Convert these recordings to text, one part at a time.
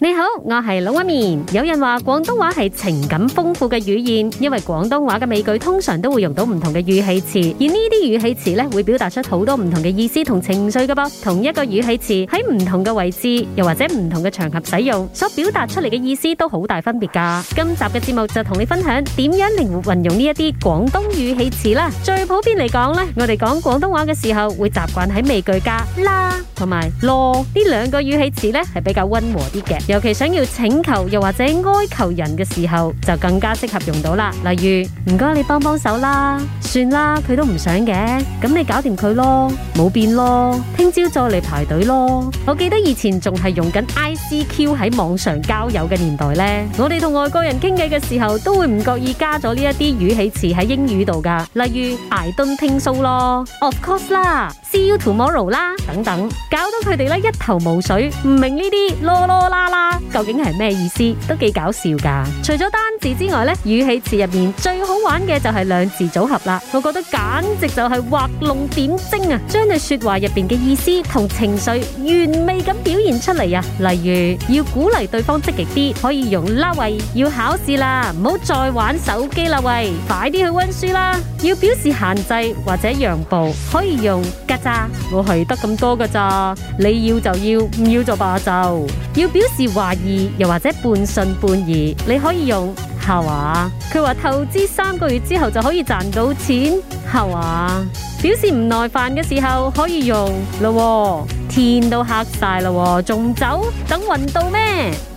你好，我係老温。有人話廣東話係情感豐富嘅語言，因為廣東話嘅美句通常都會用到唔同嘅語氣詞，而呢啲語氣詞呢會表達出好多唔同嘅意思同情緒噶噃。同一個語氣詞喺唔同嘅位置，又或者唔同嘅場合使用，所表達出嚟嘅意思都好大分別噶。今集嘅節目就同你分享點樣靈活運用呢一啲廣東語氣詞啦。最普遍嚟講呢，我哋講廣東話嘅時候，會習慣喺美句加啦同埋咯，呢兩個語氣詞呢係比較溫和啲嘅。尤其想要請求又或者哀求人嘅時候，就更加適合用到啦。例如唔該你幫幫手啦，算啦，佢都唔想嘅，咁你搞掂佢咯，冇變咯，聽朝再嚟排隊咯。我記得以前仲係用緊 ICQ 喺網上交友嘅年代呢，我哋同外國人傾偈嘅時候都會唔覺意加咗呢一啲語氣詞喺英語度㗎，例如 I don't think so 咯，Of course 啦，See you tomorrow 啦，等等，搞到佢哋咧一頭霧水，唔明呢啲囉囉啦啦。La la la. 究竟係咩意思？都幾搞笑㗎。除咗單字之外呢，語氣詞入面最好玩嘅就係兩字組合啦。我覺得簡直就係畫龍點睛啊，將你說話入邊嘅意思同情緒完美咁表現出嚟啊。例如要鼓勵對方積極啲，可以用啦喂，要考試啦，唔好再玩手機啦喂，快啲去溫書啦。要表示限制或者讓步，可以用㗎咋，我係得咁多㗎咋，你要就要，唔要就罷就。要表示懷疑又或者半信半疑，你可以用。係嘛？佢話、啊、投資三個月之後就可以賺到錢，係、啊、嘛？表示唔耐煩嘅時候可以用咯，天都黑晒咯，仲走等運到咩？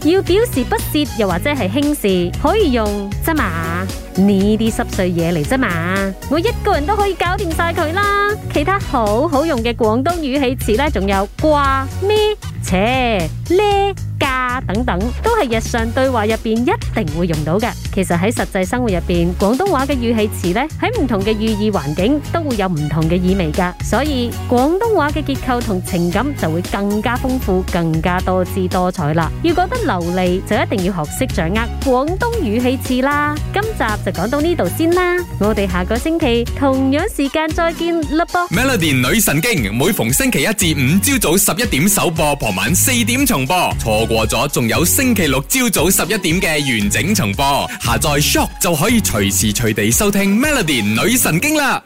要表示不屑又或者係輕視，可以用咋嘛，呢啲濕碎嘢，嚟啫嘛，我一個人都可以搞掂晒佢啦。其他好好用嘅廣東語氣詞呢，仲有掛咩斜呢，家等等，都係日常對話入邊一定會用到嘅。其實喺實際生活入邊，廣東話嘅語氣詞呢，喺唔同嘅寓意環境都會有唔同嘅意味噶。所以廣東話嘅結構同情感就會更加豐富，更加多姿多彩啦。要講得流利，就一定要學識掌握廣東語氣詞啦。今集就講到呢度先啦，我哋下個星期同樣時間再見，啦噃。Melody 女神經，每逢星期一至五朝早十一點首播，傍晚四點重播。錯。過咗，仲有星期六朝早十一點嘅完整重播，下載 Shop 就可以隨時隨地收聽 Melody 女神經啦。